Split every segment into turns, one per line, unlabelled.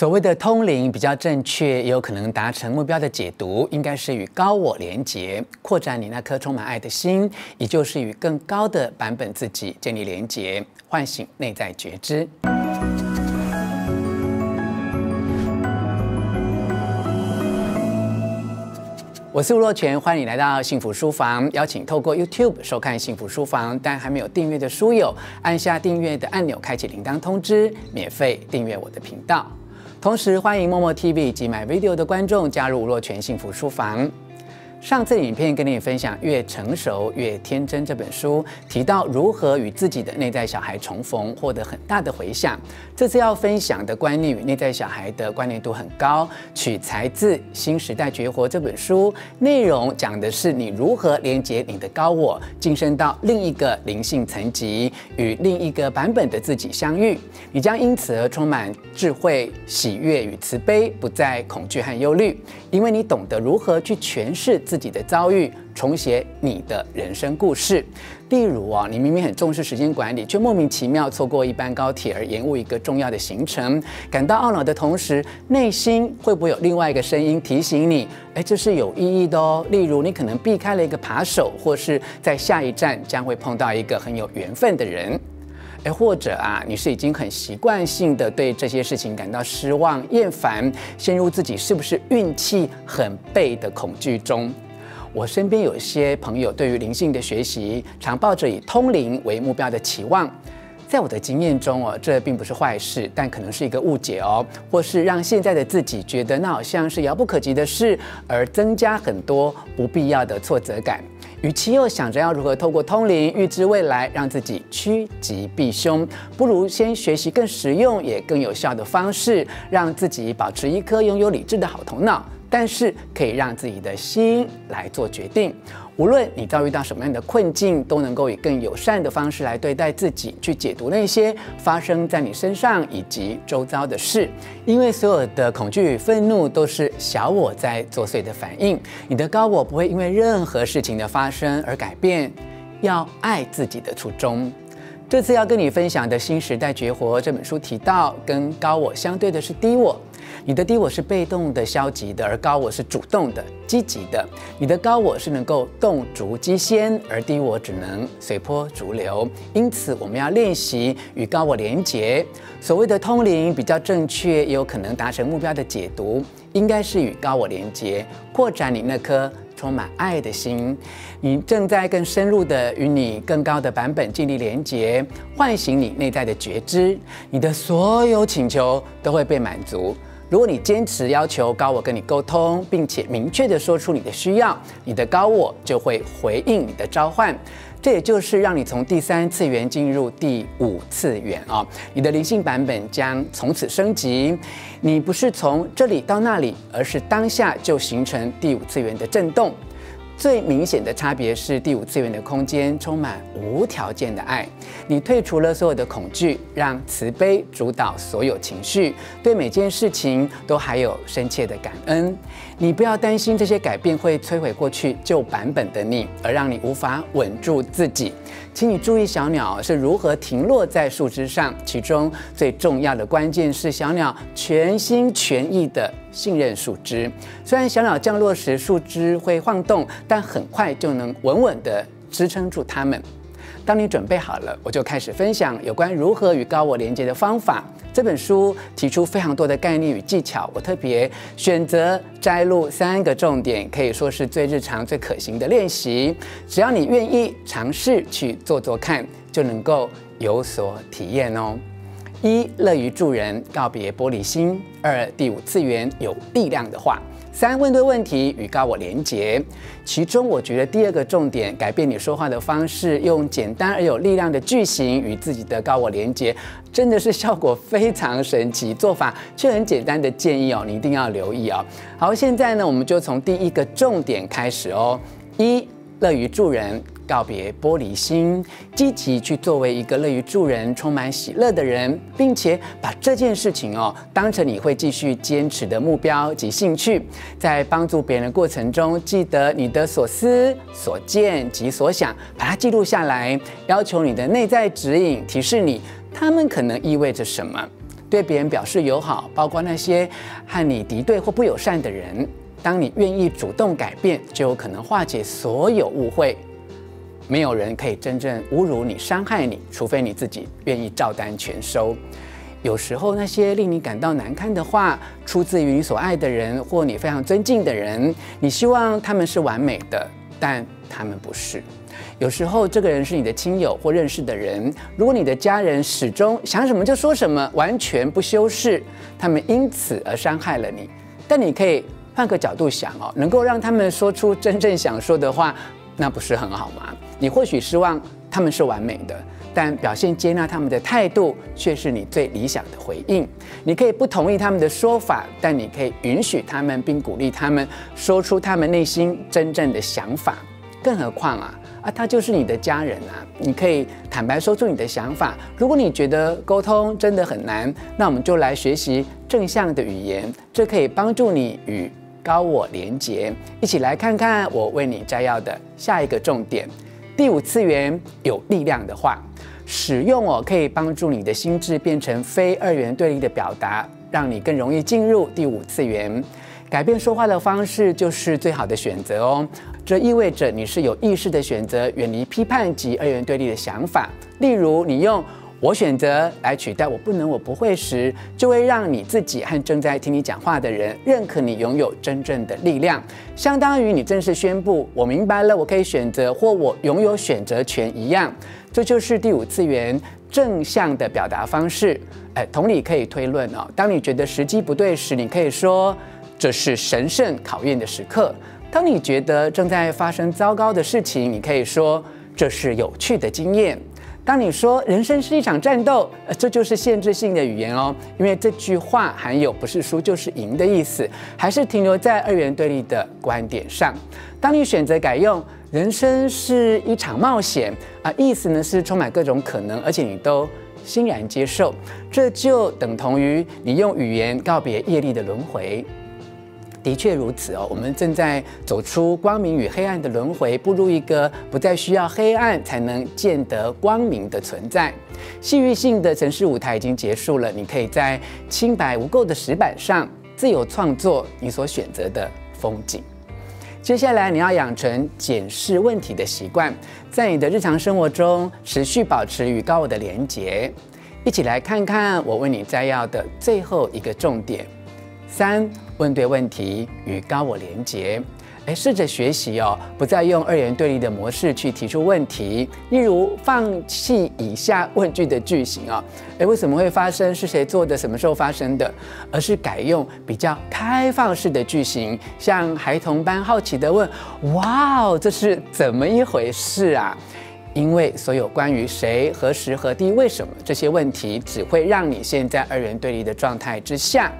所謂的通靈比較正確，也有可能達成目標的解讀，應該是與高我連結，擴展你那顆充滿愛的心，也就是與更高的版本自己建立連結，喚醒內在覺知。我是吳若權，歡迎你來到幸福書房。邀請透過 YouTube 收看幸福書房，但還沒有訂閱的書友，按下訂閱的按鈕，開啟鈴鐺通知，免費訂閱我的頻道。同時歡迎 MomoTV 及 MyVideo 的觀眾加入若權幸福書房。上次影片跟你分享《越成熟越天真》這本書，提到如何與自己的內在小孩重逢，獲得很大的回響。這次要分享的觀念與內在小孩的關聯度很高，取材自《新時代覺活》這本書，內容講的是你如何連接你的高我，晉升到另一個靈性層級，與另一個版本的自己相遇。你將因此而充滿智慧、喜悅與慈悲，不再恐懼和憂慮，因為你懂得如何去詮釋。自己的遭遇，重寫你的人生故事。例如啊，你明明很重視時間管理，卻莫名其妙錯過一班高鐵而延誤一個重要的行程，感到懊惱的同時，內心會不會有另外一個聲音提醒你？誒，這是有意義的哦。例如，你可能避開了一個扒手，或是在下一站將會碰到一個很有緣分的人。哎，或者啊，你是已經很習慣性的對這些事情感到失望、厭煩，陷入自己是不是運氣很背的恐懼中。我身邊有一些朋友對於靈性的學習，常抱着以通靈為目標的期望。在我的經驗中哦，這並不是壞事，但可能是一個誤解哦，或是讓現在的自己覺得那好像是遙不可及的事，而增加很多不必要的挫折感。與其又想着要如何透過通靈預知未來，讓自己趨吉避凶，不如先學習更實用也更有效的方式，讓自己保持一顆擁有理智的好頭腦，但是可以讓自己的心來做決定。無論你遭遇到什麼樣的困境，都能夠以更友善的方式來對待自己，去解讀那些發生在你身上以及周遭的事。因為所有的恐懼與憤怒都是小我在作祟的反應，你的高我不會因為任何事情的發生而改變，要愛自己的初衷。這次要跟你分享的《新時代覺活》這本書提到，跟高我相對的是低我。你的低我是被動的、消極的，而高我是主動的、積極的。你的高我是能夠洞燭機先，而低我只能隨波逐流。因此，我們要練習與高我連接。所謂的通靈比較正確，也有可能達成目標的解讀，應該是與高我連接，擴展你那顆充滿愛的心。你正在更深入的與你更高的版本建立連接，喚醒你內在的覺知。你的所有請求都會被滿足。如果你堅持要求高我跟你溝通，並且明確地說出你的需要，你的高我就會回應你的召喚。這也就是讓你從第三次元進入第五次元啊、哦，你的靈性版本將從此升級。你不是從這裡到那裡，而是當下就形成第五次元的震動。最明顯的差別是，第五次元的空間充滿無條件的愛。你退出了所有的恐懼，讓慈悲主導所有情緒，對每件事情都還有深切的感恩。你不要擔心這些改變會摧毀過去舊版本的你，而讓你無法穩住自己。請你注意，小鳥是如何停落在樹枝上。其中最重要的關鍵是，小鳥全心全意的信任樹枝。雖然小鳥降落時，樹枝會晃動，但很快就能穩穩地支撐住它們。當你準備好了，我就開始分享有關如何與高我連接的方法。這本書提出非常多的概念與技巧，我特別選擇摘錄三個重點，可以說是最日常、最可行的練習。只要你願意嘗試去做做看，就能夠有所體驗哦。一、樂於助人，告別玻璃心；二、第五次元有力量的話。三問對問題，與高我連接。其中我覺得第二個重點，改變你說話的方式，用簡單而有力量的句型與自己的高我連接，真的是效果非常神奇、做法卻很簡單的建議哦，你一定要留意哦。好，現在呢，我們就從第一個重點開始哦，一樂於助人。告別玻璃心，積極去作為一個樂於助人、充滿喜樂的人，並且把這件事情哦當成你會繼續堅持的目標及興趣。在幫助別人的過程中，記得你的所思、所見及所想，把它記錄下來。要求你的內在指引提示你，它們可能意味着什麼。對別人表示友好，包括那些和你敵對或不友善的人。當你願意主動改變，就有可能化解所有誤會。沒有人可以真正侮辱你、傷害你，除非你自己願意照單全收。有時候那些令你感到難堪的話，出自於你所愛的人或你非常尊敬的人，你希望他們是完美的，但他們不是。有時候這個人是你的親友或認識的人，如果你的家人始終想什麼就說什麼，完全不修飾，他們因此而傷害了你。但你可以換個角度想哦，能夠讓他們說出真正想說的話，那不是很好嗎？你或許希望，他們是完美的，但表現接納他們的態度卻是你最理想的回應。你可以不同意他們的說法，但你可以允許他們，並鼓勵他們說出他們內心真正的想法。更何況啊，啊，他就是你的家人啊，你可以坦白說出你的想法。如果你覺得溝通真的很難，那我們就來學習正向的語言，這可以幫助你與高我連結。一起來看看我為你摘要的下一個重點。第五次元有力量的話，使用哦，可以幫助你的心智變成非二元對立的表達，讓你更容易進入第五次元。改變說話的方式就是最好的選擇哦。這意味着你是有意識的選擇遠離批判及二元對立的想法，例如你用。我選擇來取代我不能，我不會時，就會讓你自己和正在聽你講話的人認可你擁有真正的力量，相當於你正式宣布我明白了，我可以選擇或我擁有選擇權一樣。這就是第五次元正向的表達方式。哎，同理可以推論哦。當你覺得時機不對時，你可以說這是神聖考驗的時刻；當你覺得正在發生糟糕的事情，你可以說這是有趣的經驗。當你說人生是一場戰鬥，呃，這就是限制性的語言哦，因為這句話含有不是輸就是贏的意思，還是停留在二元對立的觀點上。當你選擇改用人生是一場冒險啊，呃，意思呢是充滿各種可能，而且你都欣然接受，這就等同於你用語言告別業力的輪回。的確如此哦，我們正在走出光明與黑暗的輪迴，步入一個不再需要黑暗才能見得光明的存在。戲劇性的城市舞台已經結束了，你可以在清白無垢的石板上自由創作你所選擇的風景。接下來，你要養成檢視問題的習慣，在你的日常生活中持續保持與高我的連接。一起來看看我為你摘要的最後一個重點：三。問對問題與高我連結，誒，試着學習哦，不再用二元對立的模式去提出問題，例如放棄以下問句的句型哦，誒，為什麼會發生？是誰做的？什麼時候發生的？而是改用比較開放式的句型，像孩童般好奇地問：“哇哦，這是怎麼一回事啊？”因為所有關於誰、何時、何地、為什麼這些問題，只會讓你陷在二元對立的狀態之下。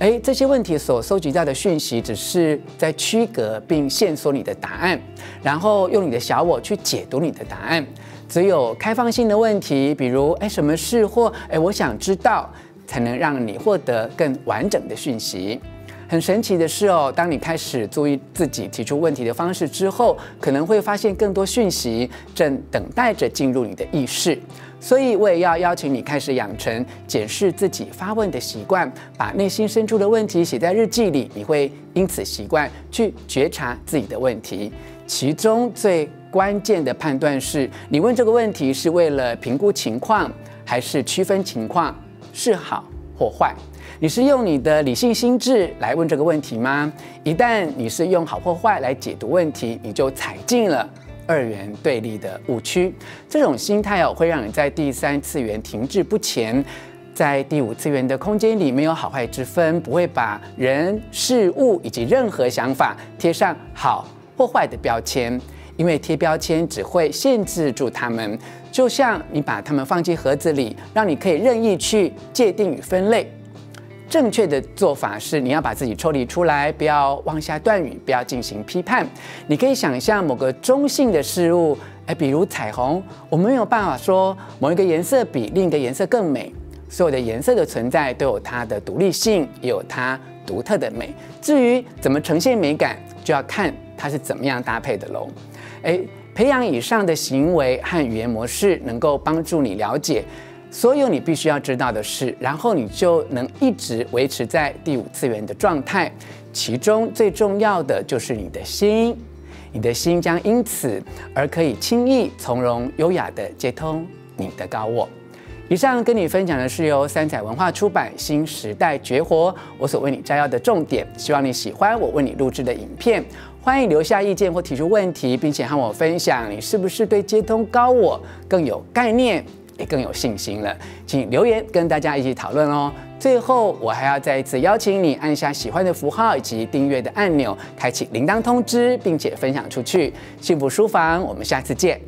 誒，這些問題所收集到的訊息，只是在區隔並限縮你的答案，然後用你的小我去解讀你的答案。只有開放性的問題，比如誒什麼是或誒我想知道，才能讓你獲得更完整的訊息。很神奇的是哦，當你開始注意自己提出問題的方式之後，可能會發現更多訊息正等待着進入你的意識。所以，我也要邀請你開始養成檢視自己發問的習慣，把內心深處的問題寫在日記裡。你會因此習慣去覺察自己的問題。其中最關鍵的判斷是：你問這個問題是為了評估情況，還是區分情況是好或壞？你是用你的理性心智來問這個問題嗎？一旦你是用好或壞來解讀問題，你就踩進了二元對立的誤區。這種心態哦，會讓你在第三次元停滯不前，在第五次元的空間裡沒有好壞之分，不會把人、事物以及任何想法貼上好或壞的標籤，因為貼標籤只會限制住他們，就像你把它們放進盒子裡，讓你可以任意去界定與分類。正確的做法是，你要把自己抽離出來，不要妄下斷語，不要進行批判。你可以想象某個中性的事物，誒，比如彩虹，我們沒有辦法說某一個顏色比另一個顏色更美。所有的顏色的存在都有它的獨立性，也有它獨特的美。至於怎麼呈現美感，就要看它是怎麼樣搭配的嘍。誒，培養以上的行為和語言模式，能夠幫助你了解。所有你必須要知道的事，然後你就能一直維持在第五次元的狀態。其中最重要的就是你的心，你的心將因此而可以輕易、從容、優雅的接通你的高我。以上跟你分享的是由三采文化出版《新時代覺活》，我所為你摘要的重點。希望你喜歡我為你錄製的影片，歡迎留下意見或提出問題，並且和我分享你是不是對接通高我更有概念。也更有信心了，請留言跟大家一起討論哦。最後，我還要再一次邀請你按下喜歡的符號以及訂閱的按鈕，開啟鈴鐺通知，並且分享出去。幸福書房，我們下次見。